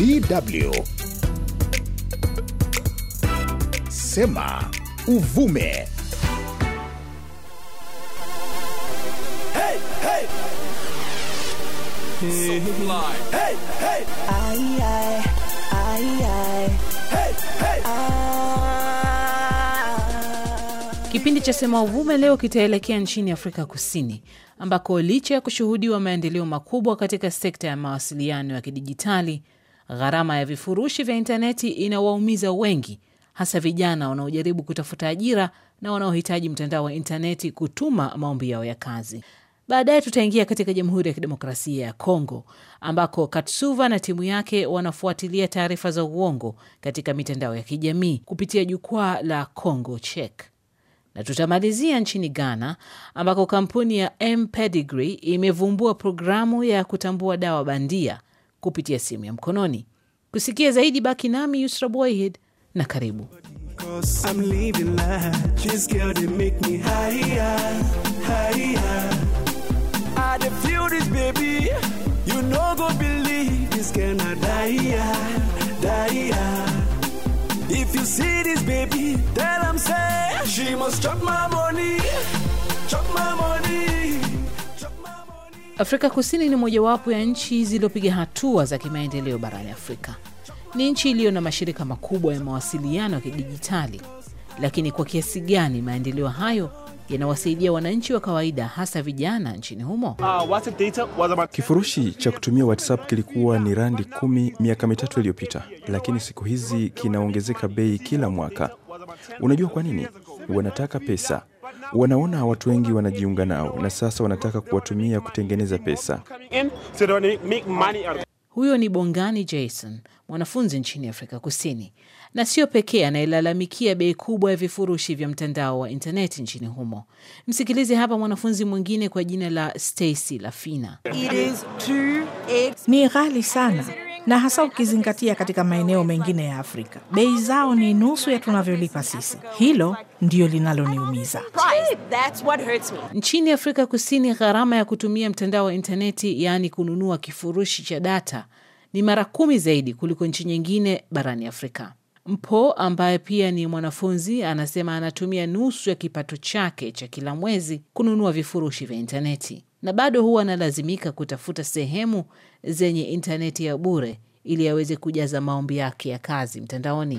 DW Sema Uvume. Hey, hey. hey. Hey, Hey, hey. Ah. Kipindi cha Sema Uvume leo kitaelekea nchini Afrika Kusini ambako licha ya kushuhudiwa maendeleo makubwa katika sekta ya mawasiliano ya kidijitali Gharama ya vifurushi vya intaneti inawaumiza wengi, hasa vijana wanaojaribu kutafuta ajira na wanaohitaji mtandao wa intaneti kutuma maombi yao ya kazi. Baadaye tutaingia katika Jamhuri ya Kidemokrasia ya congo ambako Katsuva na timu yake wanafuatilia taarifa za uongo katika mitandao ya kijamii kupitia jukwaa la Congo chek na tutamalizia nchini Ghana ambako kampuni ya Mpedigree imevumbua programu ya kutambua dawa bandia kupitia simu ya mkononi. Kusikia zaidi, baki nami Yusra Boyhead na karibu. Afrika Kusini ni mojawapo ya nchi zilizopiga hatua za kimaendeleo barani Afrika. Ni nchi iliyo na mashirika makubwa ya mawasiliano ya kidijitali, lakini kwa kiasi gani maendeleo hayo yanawasaidia wananchi wa kawaida hasa vijana nchini humo. Uh, Kifurushi cha kutumia WhatsApp kilikuwa ni randi kumi miaka mitatu iliyopita, lakini siku hizi kinaongezeka bei kila mwaka. Unajua kwa nini? Wanataka pesa Wanaona watu wengi wanajiunga nao na sasa wanataka kuwatumia kutengeneza pesa. Huyo ni Bongani Jason, mwanafunzi nchini Afrika Kusini, na sio pekee anayelalamikia bei kubwa ya vifurushi vya mtandao wa intaneti nchini humo. Msikilize hapa mwanafunzi mwingine kwa jina la Stacy Lafina. It is too, ni ghali sana na hasa ukizingatia katika maeneo mengine ya Afrika bei zao ni nusu ya tunavyolipa sisi. Hilo ndiyo linaloniumiza. Nchini Afrika Kusini, gharama ya kutumia mtandao wa intaneti, yaani kununua kifurushi cha data, ni mara kumi zaidi kuliko nchi nyingine barani Afrika. Mpo ambaye pia ni mwanafunzi anasema anatumia nusu ya kipato chake cha kila mwezi kununua vifurushi vya intaneti na bado huwa analazimika kutafuta sehemu zenye intaneti ya bure ili aweze kujaza maombi yake ya kazi mtandaoni.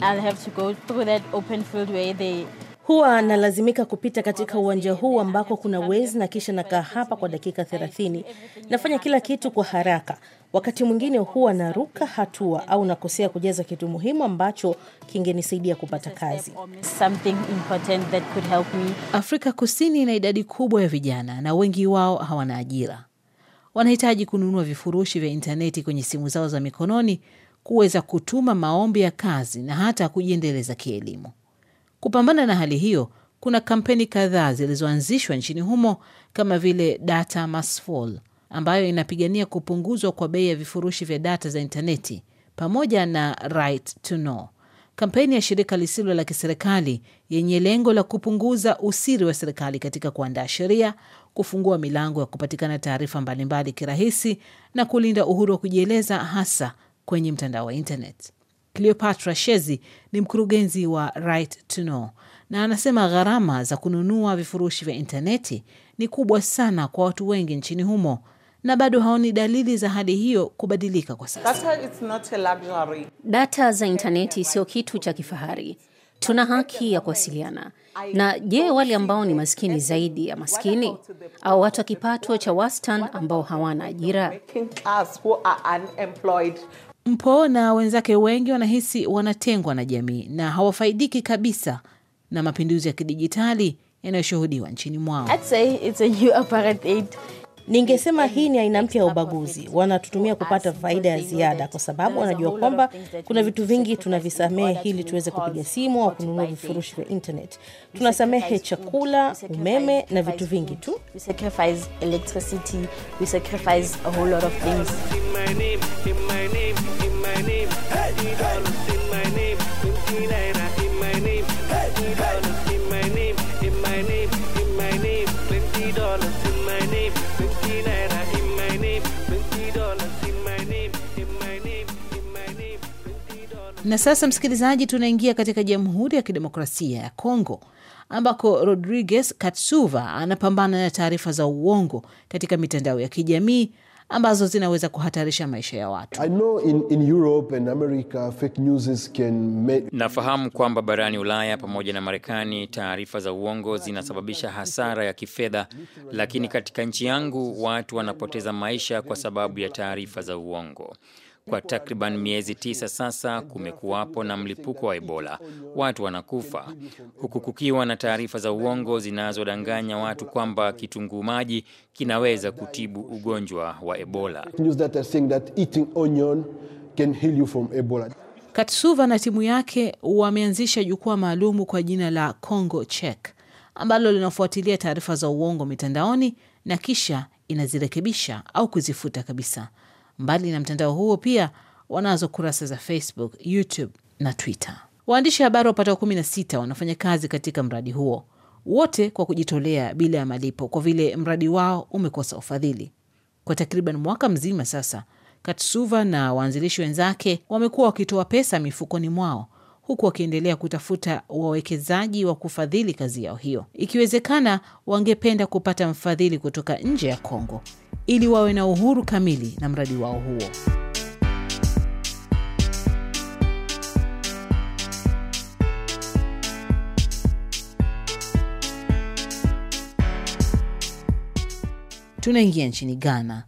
Huwa nalazimika kupita katika uwanja huu ambako kuna wezi na kisha nakaa hapa kwa dakika 30. Nafanya kila kitu kwa haraka. Wakati mwingine huwa naruka hatua au nakosea kujaza kitu muhimu ambacho kingenisaidia kupata kazi. Afrika Kusini ina idadi kubwa ya vijana na wengi wao hawana ajira. Wanahitaji kununua vifurushi vya intaneti kwenye simu zao za mikononi kuweza kutuma maombi ya kazi na hata kujiendeleza kielimu. Kupambana na hali hiyo, kuna kampeni kadhaa zilizoanzishwa nchini humo kama vile Data Must Fall ambayo inapigania kupunguzwa kwa bei ya vifurushi vya data za intaneti pamoja na Right to Know, kampeni ya shirika lisilo la kiserikali yenye lengo la kupunguza usiri wa serikali katika kuandaa sheria, kufungua milango ya kupatikana taarifa mbalimbali kirahisi na kulinda uhuru wa kujieleza hasa kwenye mtandao wa intaneti. Cleopatra Shezi ni mkurugenzi wa Right to Know na anasema gharama za kununua vifurushi vya intaneti ni kubwa sana kwa watu wengi nchini humo na bado haoni dalili za hali hiyo kubadilika kwa sasa. Data za intaneti sio kitu cha kifahari. Tuna haki ya kuwasiliana na. Je, wale ambao ni maskini zaidi ya maskini au watu wa kipato cha wastani ambao hawana ajira? Mpo na wenzake wengi wanahisi wanatengwa na jamii na hawafaidiki kabisa na mapinduzi ya kidijitali yanayoshuhudiwa nchini mwao. Ningesema hii ni aina mpya ya ubaguzi, wanatutumia kupata faida ya ziada, kwa sababu wanajua kwamba kuna vitu vingi tunavisamehe ili tuweze kupiga simu au kununua vifurushi vya internet. Tunasamehe chakula, umeme na vitu vingi tu. Na sasa, msikilizaji, tunaingia katika Jamhuri ya Kidemokrasia ya Kongo ambako Rodriguez Katsuva anapambana na taarifa za uongo katika mitandao ya kijamii ambazo zinaweza kuhatarisha maisha ya watu. in, in America, make... Nafahamu kwamba barani Ulaya pamoja na Marekani taarifa za uongo zinasababisha hasara ya kifedha, lakini katika nchi yangu watu wanapoteza maisha kwa sababu ya taarifa za uongo. Kwa takriban miezi tisa sasa kumekuwapo na mlipuko wa Ebola, watu wanakufa, huku kukiwa na taarifa za uongo zinazodanganya watu kwamba kitunguu maji kinaweza kutibu ugonjwa wa Ebola. Katsuva na timu yake wameanzisha jukwaa maalumu kwa jina la Congo Check ambalo linafuatilia taarifa za uongo mitandaoni na kisha inazirekebisha au kuzifuta kabisa. Mbali na mtandao huo, pia wanazo kurasa za Facebook, YouTube na Twitter. Waandishi habari wapatao 16 wanafanya kazi katika mradi huo, wote kwa kujitolea bila ya malipo, kwa vile mradi wao umekosa ufadhili. Kwa takriban mwaka mzima sasa, Katsuva na waanzilishi wenzake wamekuwa wakitoa pesa mifukoni mwao huku wakiendelea kutafuta wawekezaji wa kufadhili kazi yao hiyo. Ikiwezekana, wangependa kupata mfadhili kutoka nje ya Kongo, ili wawe na uhuru kamili na mradi wao huo. Tunaingia nchini Ghana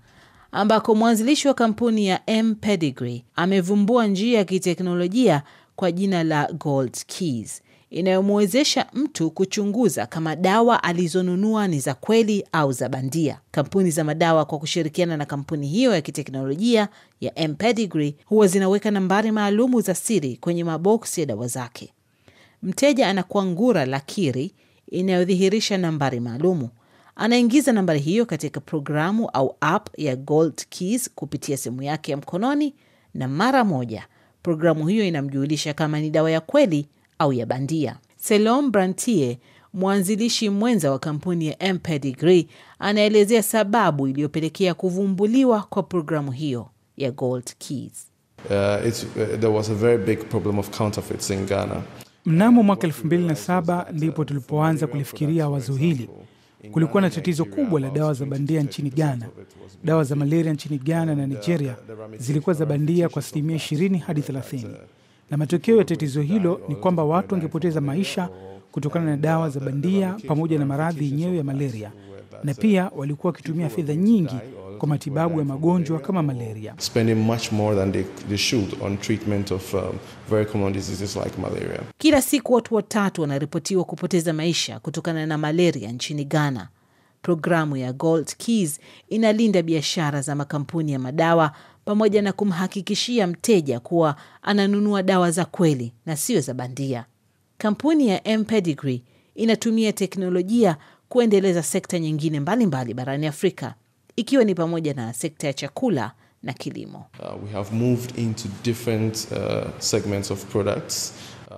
ambako mwanzilishi wa kampuni ya M Pedigree amevumbua njia ya kiteknolojia kwa jina la Gold Keys inayomwezesha mtu kuchunguza kama dawa alizonunua ni za kweli au za bandia. Kampuni za madawa kwa kushirikiana na kampuni hiyo ya kiteknolojia ya Mpedigree huwa zinaweka nambari maalumu za siri kwenye maboksi ya dawa zake. Mteja anakuwa ngura la kiri inayodhihirisha nambari maalumu. Anaingiza nambari hiyo katika programu au app ya Gold Keys kupitia simu yake ya mkononi, na mara moja programu hiyo inamjulisha kama ni dawa ya kweli au ya bandia. Selom Brantie, mwanzilishi mwenza wa kampuni ya Mpedigre, anaelezea sababu iliyopelekea kuvumbuliwa kwa programu hiyo ya Gold Keys. Uh, it's, uh, there was a very big problem of counterfeits in Ghana. Mnamo mwaka 2007 ndipo tulipoanza kulifikiria wazo hili. Kulikuwa na tatizo kubwa la dawa za bandia nchini Ghana. Dawa za malaria nchini Ghana na Nigeria zilikuwa za bandia kwa asilimia 20 hadi 30 na matokeo ya tatizo hilo ni kwamba watu wangepoteza maisha kutokana na dawa za bandia pamoja na maradhi yenyewe ya malaria, na pia walikuwa wakitumia fedha nyingi kwa matibabu ya magonjwa kama malaria. Kila siku watu watatu wanaripotiwa kupoteza maisha kutokana na malaria nchini Ghana. Programu ya Gold Keys inalinda biashara za makampuni ya madawa pamoja na kumhakikishia mteja kuwa ananunua dawa za kweli na sio za bandia. Kampuni ya Mpedigree inatumia teknolojia kuendeleza sekta nyingine mbalimbali mbali barani Afrika, ikiwa ni pamoja na sekta ya chakula na kilimo. Uh, we have moved into different, uh, segments of products.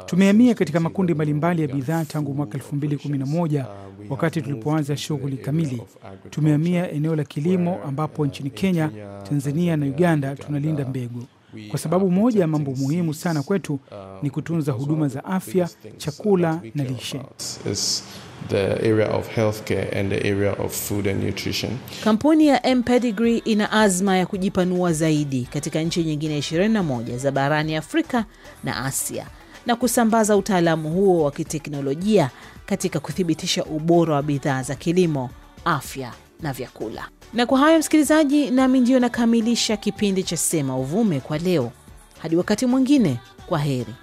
Tumehamia katika makundi mbalimbali ya bidhaa tangu mwaka 2011 wakati tulipoanza shughuli kamili. Tumehamia eneo la kilimo ambapo nchini Kenya, Tanzania na Uganda tunalinda mbegu kwa sababu moja ya mambo muhimu sana kwetu ni kutunza huduma za afya, chakula na lishe. Kampuni ya Mpedigree ina azma ya kujipanua zaidi katika nchi nyingine 21 za barani Afrika na Asia na kusambaza utaalamu huo wa kiteknolojia katika kuthibitisha ubora wa bidhaa za kilimo, afya na vyakula. Na kwa hayo, msikilizaji, nami ndiyo nakamilisha kipindi cha Sema Uvume kwa leo. Hadi wakati mwingine, kwa heri.